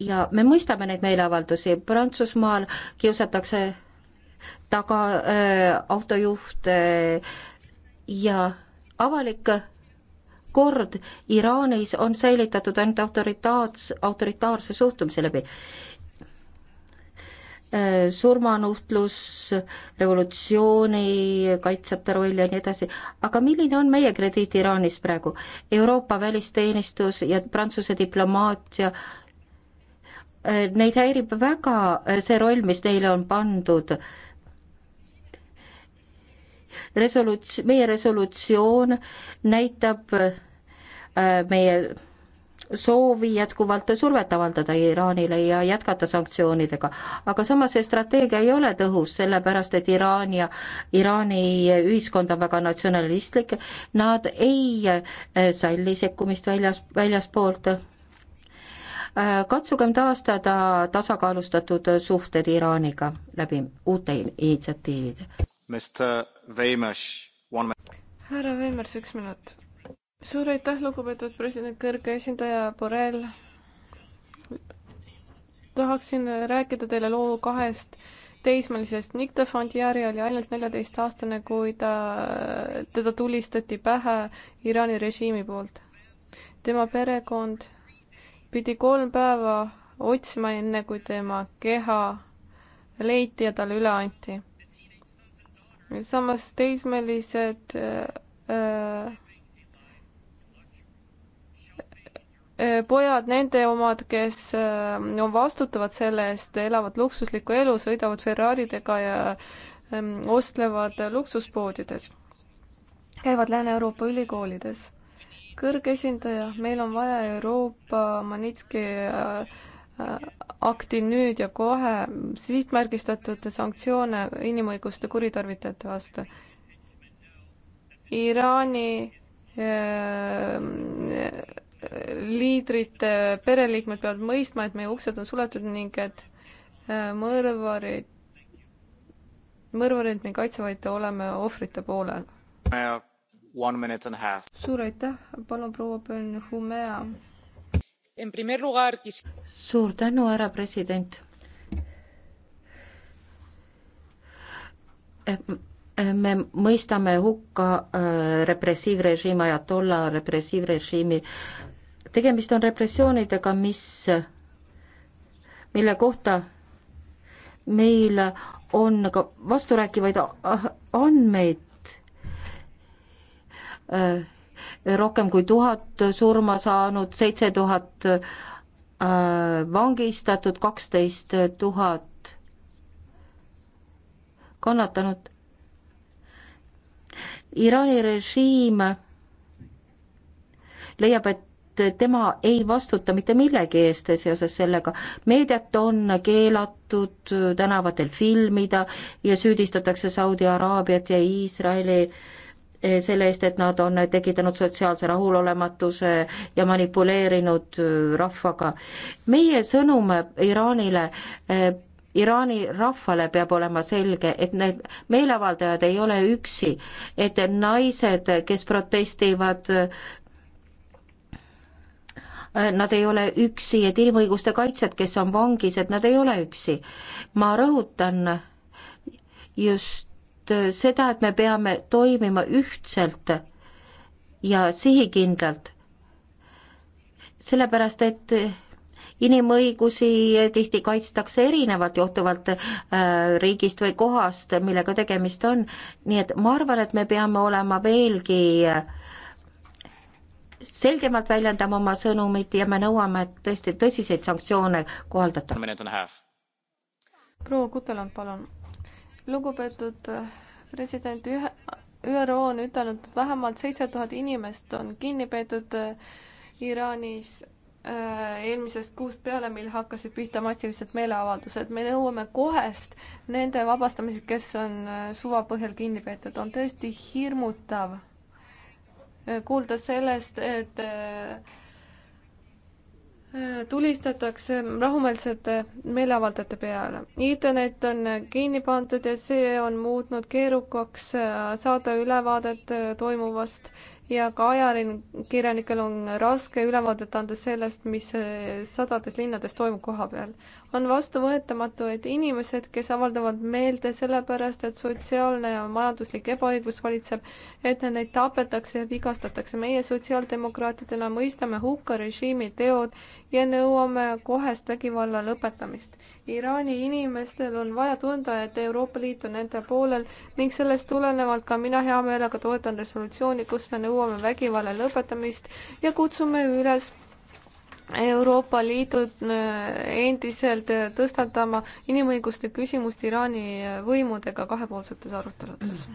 ja me mõistame neid meeleavaldusi, Prantsusmaal kiusatakse taga äh, autojuht äh, ja avalik kord Iraanis on säilitatud ainult autoritaats-, autoritaarse suhtumise läbi surmanuhtlus, revolutsiooni kaitsjate roll ja nii edasi, aga milline on meie krediit Iraanis praegu? Euroopa välisteenistus ja Prantsuse diplomaatia, neid häirib väga see roll, mis neile on pandud. resoluts-, meie resolutsioon näitab Äh, meie soovi jätkuvalt survet avaldada Iraanile ja jätkata sanktsioonidega. aga samas see strateegia ei ole tõhus, sellepärast et Iraan ja Iraani ühiskond on väga natsionalistlik, nad ei äh, salli sekkumist väljas, väljaspoolt. Äh, katsugem taastada tasakaalustatud suhted Iraaniga läbi uute initsiatiivide. härra Veimers, üks minut suur aitäh, lugupeetud president, kõrge esindaja Borrell. tahaksin rääkida teile loo kahest teismelisest. Nick de Fondieri oli ainult neljateistaastane, kui ta, teda tulistati pähe Iraani režiimi poolt. tema perekond pidi kolm päeva otsima, enne kui tema keha leiti ja talle üle anti. samas teismelised äh, pojad, nende omad, kes äh, on vastutavad selle eest, elavad luksuslikku elu, sõidavad Ferraridega ja ähm, ostlevad luksuspoodides, käivad Lääne-Euroopa ülikoolides. kõrgesindaja, meil on vaja Euroopa Manitski äh, äh, akti nüüd ja kohe sihtmärgistatud sanktsioone inimõiguste kuritarvitajate vastu. Iraani liidrite äh, pereliikmed peavad mõistma, et meie uksed on suletud ning et äh, mõrvarid, mõrvarid me ei kaitse, vaid oleme ohvrite poolel. suur aitäh, palun proua Ben-Humea. suur tänu, härra president me mõistame hukka äh, repressiivrežiimi, ajatolla repressiivrežiimi tegemist on repressioonidega, mis, mille kohta meil on ka vasturääkivaid ah-, andmeid äh,. rohkem kui tuhat surma saanud, seitse tuhat äh, vangistatud, kaksteist tuhat kannatanud. Iraani režiim leiab, et et tema ei vastuta mitte millegi eest seoses sellega. meediat on keelatud tänavatel filmida ja süüdistatakse Saudi Araabiat ja Iisraeli eh, selle eest, et nad on tekitanud sotsiaalse rahulolematuse ja manipuleerinud eh, rahvaga. meie sõnum Iraanile eh, Iraani rahvale peab olema selge, et need meeleavaldajad ei ole üksi, et naised, kes protestivad, Äh, nad ei ole üksi, et inimõiguste kaitsjad, kes on vangis, et nad ei ole üksi. ma rõhutan just äh, seda, et me peame toimima ühtselt ja sihikindlalt. sellepärast, et äh, inimõigusi tihti kaitstakse erinevalt, johtuvalt äh, riigist või kohast, millega tegemist on. nii et ma arvan, et me peame olema veelgi äh, selgemalt väljendama oma sõnumit ja me nõuame, et tõesti tõsiseid sanktsioone kohaldatakse. proua Kutelant, palun. lugupeetud äh, president, ühe, ÜRO on ütelnud, et vähemalt seitse tuhat inimest on kinni peetud äh, Iraanis äh, eelmisest kuust peale, mil hakkasid pihta massilised meeleavaldused, me nõuame kohest nende vabastamist, kes on suva põhjal kinni peetud, on tõesti hirmutav kuulda sellest, et äh, tulistatakse rahumeelsete meeleavaldajate peale. internet on kinni pandud ja see on muutnud keerukaks äh, saada ülevaadet äh, toimuvast ja ka ajakirjanikel on raske ülevaadet anda sellest, mis äh, sadades linnades toimub kohapeal. on vastuvõetamatu, et inimesed, kes avaldavad meelt sellepärast, et sotsiaalne ja majanduslik ebaõiglus valitseb, et neid tapetakse ja vigastatakse. meie sotsiaaldemokraatidena mõistame hukka režiimi teod ja nõuame kohest vägivalla lõpetamist. Iraani inimestel on vaja tunda, et Euroopa Liit on nende poolel ning sellest tulenevalt ka mina hea meelega toetan resolutsiooni, kus me nõuame vägivalla lõpetamist ja kutsume üles Euroopa Liidu äh, endiselt tõstatama inimõiguste küsimust Iraani võimudega kahepoolsetes aruteludes.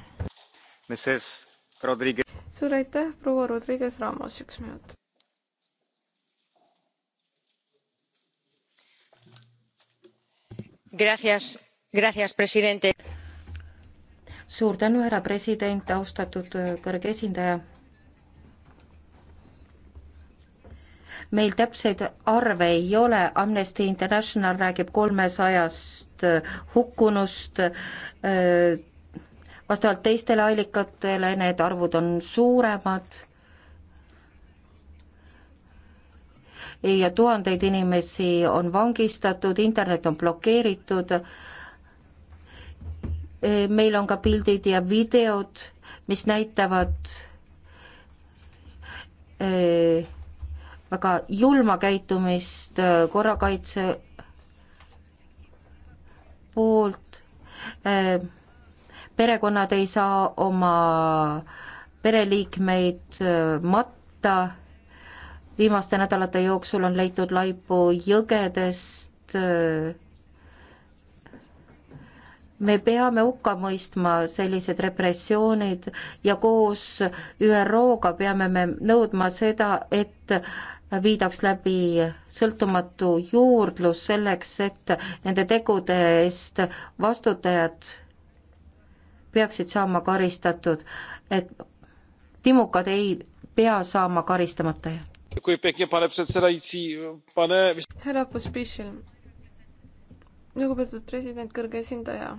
suur aitäh, proua Rodriguez Ramos, üks minut suur tänu, härra president, austatud äh, kõrge esindaja. meil täpseid arve ei ole, Amnesty International räägib kolmesajast äh, hukkunust. Äh, vastavalt teistele allikatele need arvud on suuremad ja tuhandeid inimesi on vangistatud, internet on blokeeritud, meil on ka pildid ja videod, mis näitavad e, väga julma käitumist e, korrakaitse poolt, e, perekonnad ei saa oma pereliikmeid matta viimaste nädalate jooksul on leitud laipu jõgedest. me peame hukka mõistma sellised repressioonid ja koos ÜRO-ga peame me nõudma seda, et viidaks läbi sõltumatu juurdlus selleks, et nende tegude eest vastutajad peaksid saama karistatud, et timukad ei pea saama karistamata pane předsedající pane härra pospíšil lugupeetud president kõrge esindaja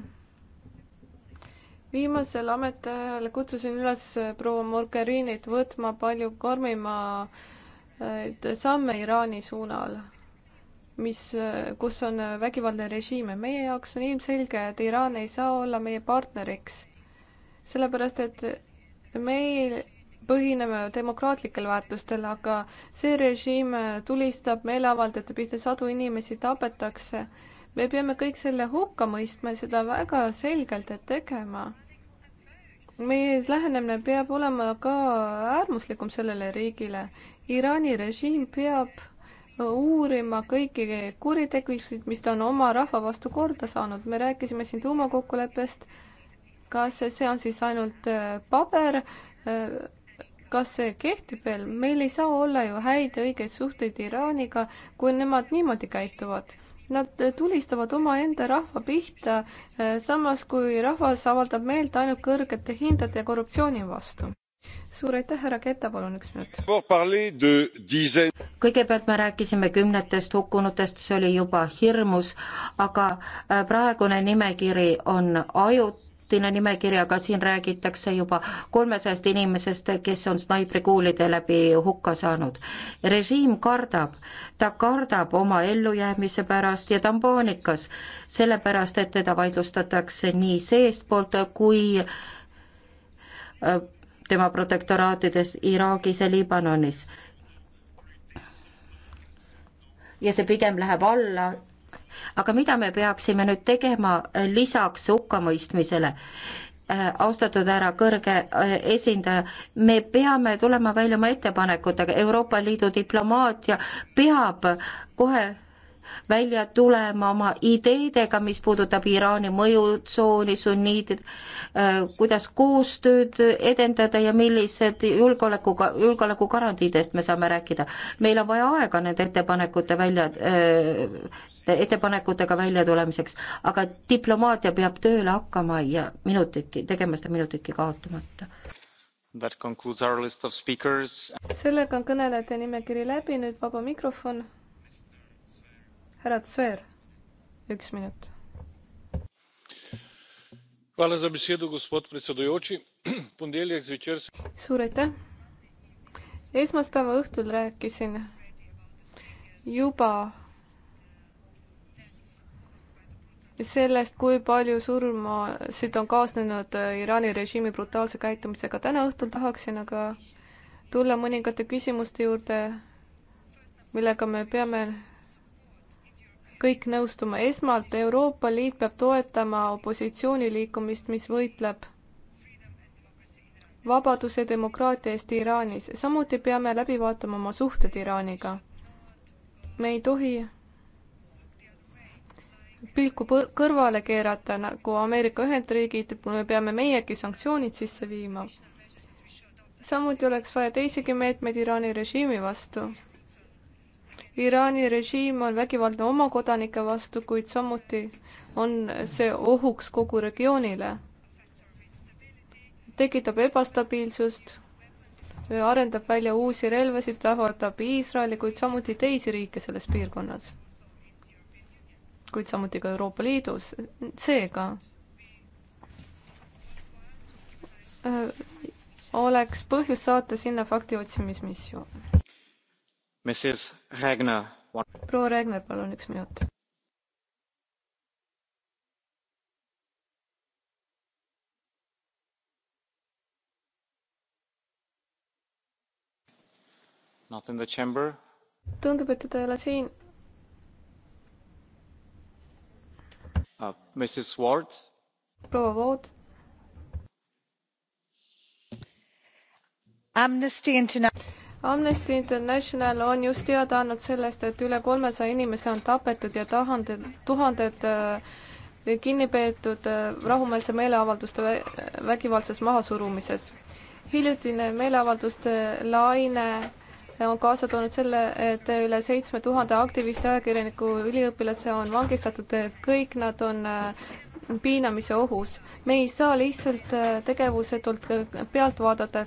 viimasel ametiajal kutsusin üles proua mogherinit võtma palju karmimaid samme iraani suunal mis kus on vägivaldne režiim ja meie jaoks on ilmselge et iraan ei saa olla meie partneriks sellepärast et meil põhineme demokraatlikel väärtustel, aga see režiim tulistab meeleavaldajate pihta, sadu inimesi tapetakse. me peame kõik selle hukka mõistma ja seda väga selgelt tegema. meie lähenemine peab olema ka äärmuslikum sellele riigile. Iraani režiim peab uurima kõiki kuritegusid, mis ta on oma rahva vastu korda saanud. me rääkisime siin tuumakokkuleppest. kas see on siis ainult paber? kas see kehtib veel? meil ei saa olla ju häid ja õigeid suhteid Iraaniga, kui nemad niimoodi käituvad. Nad tulistavad omaenda rahva pihta, eh, samas kui rahvas avaldab meelt ainult kõrgete hindade ja korruptsiooni vastu. suur aitäh, härra Ketta, palun üks minut. kõigepealt me rääkisime kümnetest hukkunutest, see oli juba hirmus, aga eh, praegune nimekiri on ajut-, negatiivne nimekiri, aga siin räägitakse juba kolmesajast inimesest, kes on snaiprikuulide läbi hukka saanud. režiim kardab, ta kardab oma ellujäämise pärast ja ta on paanikas, sellepärast et teda vaidlustatakse nii seestpoolt kui äh, tema protektoraatides Iraagis ja Liibanonis. ja see pigem läheb alla aga mida me peaksime nüüd tegema eh, lisaks hukkamõistmisele? Eh, austatud härra kõrge eh, esindaja, me peame tulema välja oma ettepanekutega, Euroopa Liidu diplomaatia peab kohe välja tulema oma ideedega, mis puudutab Iraani mõjutsooni, sunniidid, äh, kuidas koostööd edendada ja millised julgeoleku, julgeolekugarantiidest me saame rääkida. meil on vaja aega nende ettepanekute välja, äh, ettepanekutega välja tulemiseks, aga diplomaatia peab tööle hakkama ja minutitki, tegema seda minutitki kaotamata sellega on kõnelejate nimekiri läbi nüüd vaba mikrofon härra Zver, üks minut. suur aitäh. esmaspäeva õhtul rääkisin juba sellest, kui palju surmasid on kaasnenud Iraani režiimi brutaalse käitumisega. täna õhtul tahaksin aga tulla mõningate küsimuste juurde, millega me peame kõik nõustuma. esmalt Euroopa Liit peab toetama opositsiooniliikumist, mis võitleb vabaduse ja demokraatia eest Iraanis. samuti peame läbi vaatama oma suhted Iraaniga. me ei tohi pilku kõrvale keerata, nagu Ameerika Ühendriigid, me peame meiegi sanktsioonid sisse viima. samuti oleks vaja teisigi meetmeid Iraani režiimi vastu Iraani režiim on vägivaldne oma kodanike vastu, kuid samuti on see ohuks kogu regioonile. tekitab ebastabiilsust, arendab välja uusi relvasid, ähvardab Iisraeli, kuid samuti teisi riike selles piirkonnas. kuid samuti ka Euroopa Liidus, seega äh, oleks põhjust saata sinna fakti otsimismissioon proua Regner, palun üks minut. tundub, et teda ei ole siin uh,. proua Wood. Amnesty International Amnesty International on just teada andnud sellest, et üle kolmesaja inimese on tapetud ja tahanded, tuhanded äh, kinni peetud äh, rahumeelse meeleavalduste vägivaldses mahasurumises. hiljutine meeleavalduste laine on kaasa toonud selle, et üle seitsme tuhande aktivisti, ajakirjaniku, üliõpilase on vangistatud, kõik nad on äh, piinamise ohus. me ei saa lihtsalt tegevusetult pealt vaadata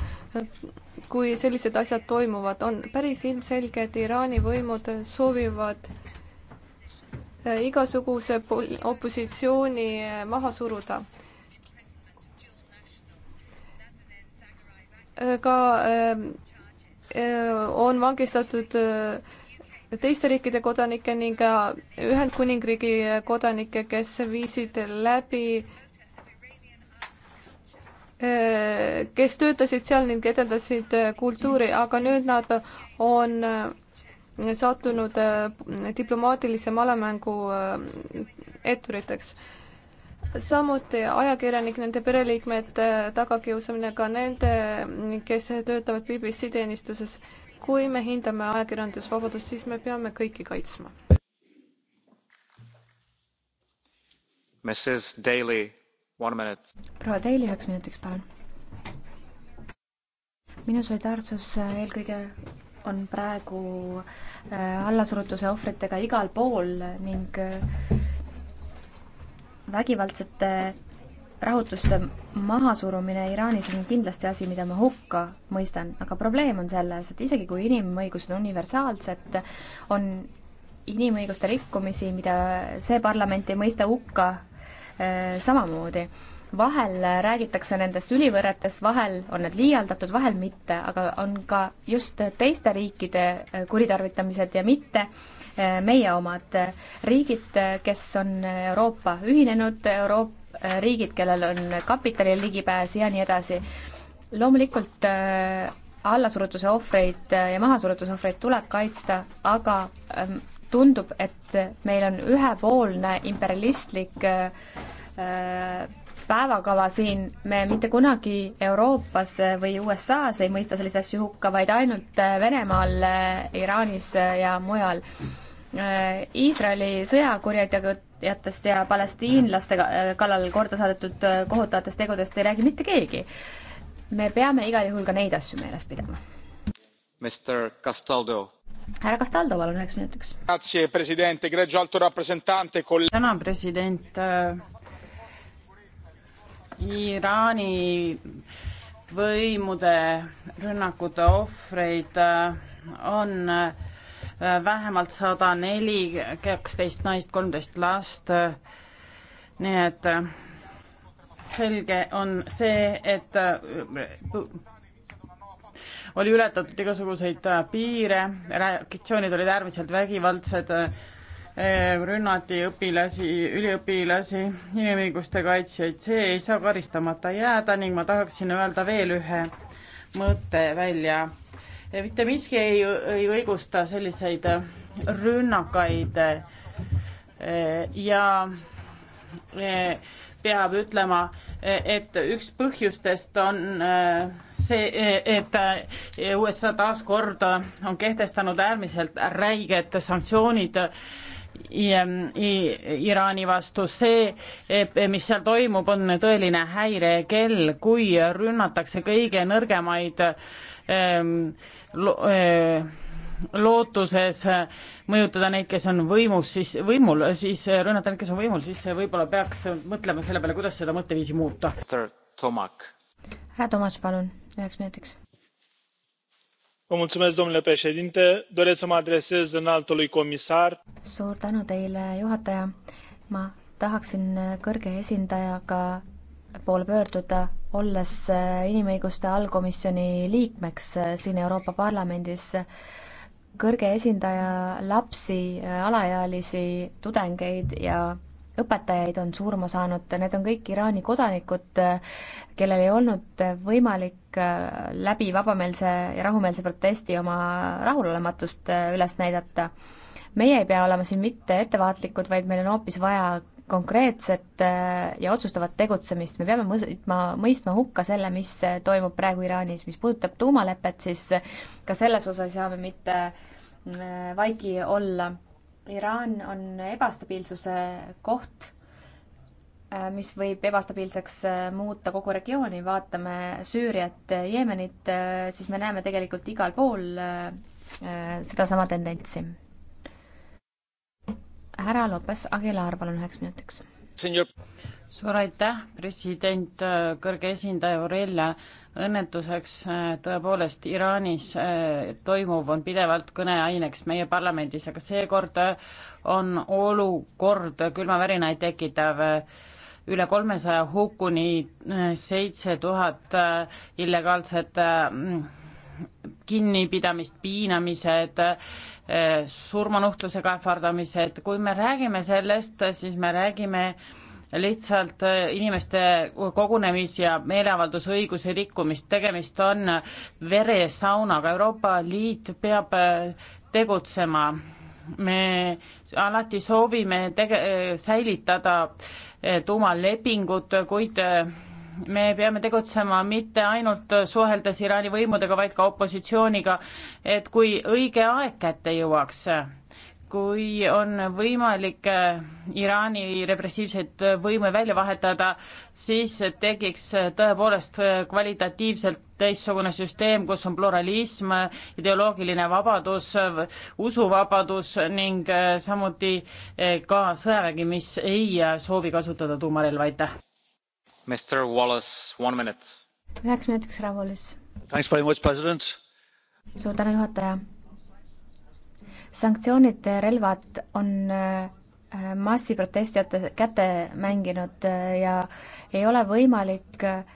kui sellised asjad toimuvad, on päris ilmselge, et Iraani võimud soovivad eh, igasuguse opositsiooni eh, maha suruda. Eh, ka on vangistatud teiste riikide kodanikke ning Ühendkuningriigi kodanikke, kes viisid läbi kes töötasid seal ning edendasid äh, kultuuri, aga nüüd nad on äh, sattunud äh, diplomaatilise malemängu etturiteks. samuti ajakirjanik, nende pereliikmete tagakiusamine, ka nende, kes töötavad BBC teenistuses. kui me hindame ajakirjandusvabadust, siis me peame kõiki kaitsma. Mrs Daly proua Teili üheks minutiks, palun. minu solidaarsus äh, eelkõige on praegu äh, allasurutuse ohvritega igal pool ning äh, vägivaldsete rahutuste mahasurumine Iraanis on kindlasti asi, mida ma hukka mõistan, aga probleem on selles, et isegi kui inimõigused on universaalsed, on inimõiguste rikkumisi, mida see parlament ei mõista hukka Äh, samamoodi vahel räägitakse nendest ülivõrretes, vahel on need liialdatud, vahel mitte, aga on ka just teiste riikide äh, kuritarvitamised ja mitte äh, meie omad riigid, kes on Euroopa ühinenud, Euroop-, riigid, kellel on kapitalile ligipääs ja nii edasi. loomulikult allasurutuse ohvreid ja mahasurutuse ohvreid tuleb kaitsta, aga ähm, tundub, et meil on ühepoolne imperialistlik äh, äh, päevakava siin, me mitte kunagi Euroopas või USA-s ei mõista selliseid asju hukka, vaid ainult äh, Venemaal, Iraanis ja mujal. Iisraeli sõjakurjategijatest ja palestiinlaste kallal korda saadetud kohutavatest tegudest ei räägi mitte keegi. me peame igal juhul ka neid asju meeles pidama. Mr Castaldo härra Castaldo, palun üheks minutiks. tänan, president. Iraani võimude rünnakute ohvreid on vähemalt sada neli, kaksteist naist, kolmteist last. nii et selge on see, et oli ületatud igasuguseid äh, piire, reaktsioonid olid äärmiselt vägivaldsed, äh, rünnati õpilasi, üliõpilasi, inimõiguste kaitsjaid, see ei saa karistamata jääda ning ma tahaksin öelda veel ühe mõtte välja. mitte miski ei, ei õigusta selliseid rünnakaid äh, ja peab ütlema, et üks põhjustest on eh, see, et eh, USA taaskord on kehtestanud äärmiselt räiged sanktsioonid Iraani vastu. see, eh, mis seal toimub, on tõeline häirekell, kui rünnatakse kõige nõrgemaid ähm, lo, äh, lootuses äh, mõjutada neid, kes on võimus, siis võimul, äh, siis äh, rünnata neid, kes on võimul, siis võib-olla peaks mõtlema selle peale, kuidas seda mõtteviisi muuta. härra Tomas, palun, üheks minutiks. domnule președinte, doresc să mă adresez înaltului comisar. suur tänu teile, juhataja. ma tahaksin kõrge esindajaga poole pöörduda olles inimõiguste allkomisjoni liikmeks siin Euroopa Parlamendis kõrge esindaja lapsi, äh, alaealisi, tudengeid ja õpetajaid on surma saanud, need on kõik Iraani kodanikud, äh, kellel ei olnud võimalik äh, läbi vabameelse ja rahumeelse protesti oma rahulolematust üles näidata. meie ei pea olema siin mitte ettevaatlikud, vaid meil on hoopis vaja konkreetset ja otsustavat tegutsemist, me peame mõistma, mõistma hukka selle, mis toimub praegu Iraanis, mis puudutab tuumalepet, siis ka selles osas ei saa me mitte äh, vaiki olla. Iraan on ebastabiilsuse koht, mis võib ebastabiilseks äh, muuta kogu regiooni, vaatame Süüriat, äh, Jeemenit, äh, siis me näeme tegelikult igal pool sedasama tendentsi. härra Lopes Aguilar, palun üheks minutiks suur aitäh, president, kõrge esindaja Borrell. õnnetuseks äh, tõepoolest Iraanis äh, toimuv on pidevalt kõneaineks meie parlamendis, aga seekord äh, on olukord külmavärinaid tekitav üle kolmesaja hukuni, seitse tuhat illegaalset kinnipidamist, piinamised, eh, surmanuhtlusega ähvardamised, kui me räägime sellest, siis me räägime lihtsalt eh, inimeste kogunemis- ja meeleavaldusõiguse rikkumist, tegemist on veresaunaga, Euroopa Liit peab eh, tegutsema. me alati soovime tege-, säilitada tuumalepingut, kuid me peame tegutsema mitte ainult suheldes Iraani võimudega, vaid ka opositsiooniga, et kui õige aeg kätte jõuaks, kui on võimalik eh, Iraani repressiivseid võime välja vahetada, siis tekiks tõepoolest kvalitatiivselt teistsugune süsteem, kus on pluralism, ideoloogiline vabadus, usuvabadus ning eh, samuti eh, ka sõjavägi, mis ei soovi kasutada tuumarelva, aitäh! üheks minutiks härra Wallis. suur tänu, juhataja. sanktsioonid, relvad on äh, massiprotestijate kätte mänginud äh, ja ei ole võimalik äh,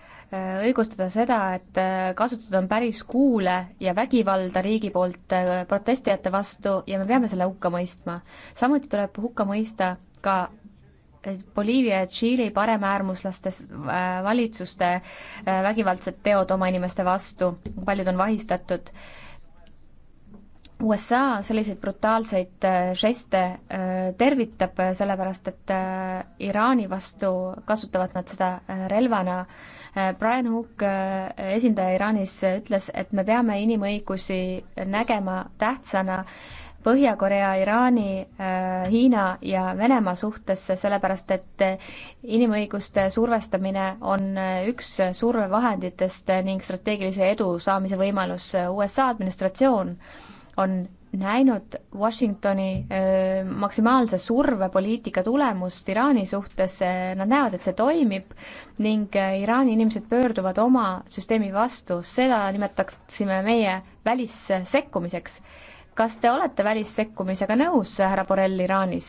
õigustada seda, et kasutatud on päris kuule ja vägivalda riigi poolt protestijate vastu ja me peame selle hukka mõistma. samuti tuleb hukka mõista ka Boliivia ja Tšiili paremäärmuslaste äh, valitsuste äh, vägivaldsed teod oma inimeste vastu, paljud on vahistatud. USA selliseid brutaalseid äh, žeste tervitab, sellepärast et Iraani vastu kasutavad nad seda relvana. Brian Hook, esindaja Iraanis, ütles, et me peame inimõigusi nägema tähtsana Põhja-Korea, Iraani, äh, Hiina ja Venemaa suhtesse, sellepärast et äh, inimõiguste survestamine on äh, üks survevahenditest ning strateegilise edu saamise võimalus. USA administratsioon on näinud Washingtoni öö, maksimaalse survepoliitika tulemust Iraani suhtes, nad näevad, et see toimib ning Iraani inimesed pöörduvad oma süsteemi vastu, seda nimetaksime meie välissekkumiseks kas te olete välissekkumisega nõus, härra Borrell Iraanis?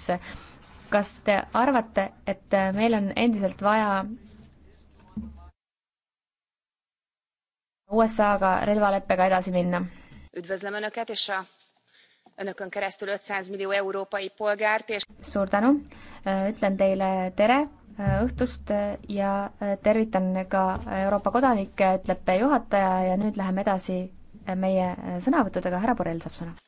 kas te arvate, et meil on endiselt vaja USA-ga relvaleppega edasi minna? üdvözlöm önöket és a önökön keresztül 500 millió európai polgárt és suur tänu, ütlen teile tere õhtust ja tervitan ka Euroopa kodanikke, ütleb juhataja ja nüüd läheme edasi meie sõnavõttudega, härra Borrell saab sõna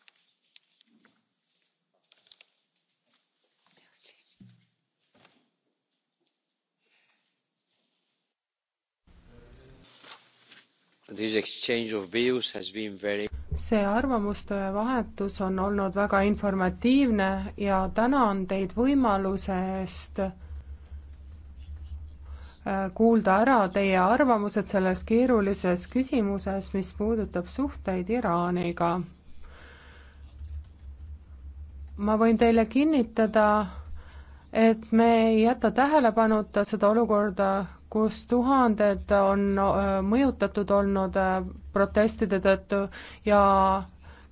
see arvamuste vahetus on olnud väga informatiivne ja tänan teid võimaluse eest äh, kuulda ära teie arvamused selles keerulises küsimuses, mis puudutab suhteid Iraaniga. ma võin teile kinnitada, et me ei jäta tähelepanuta seda olukorda kus tuhanded on äh, mõjutatud olnud äh, protestide tõttu ja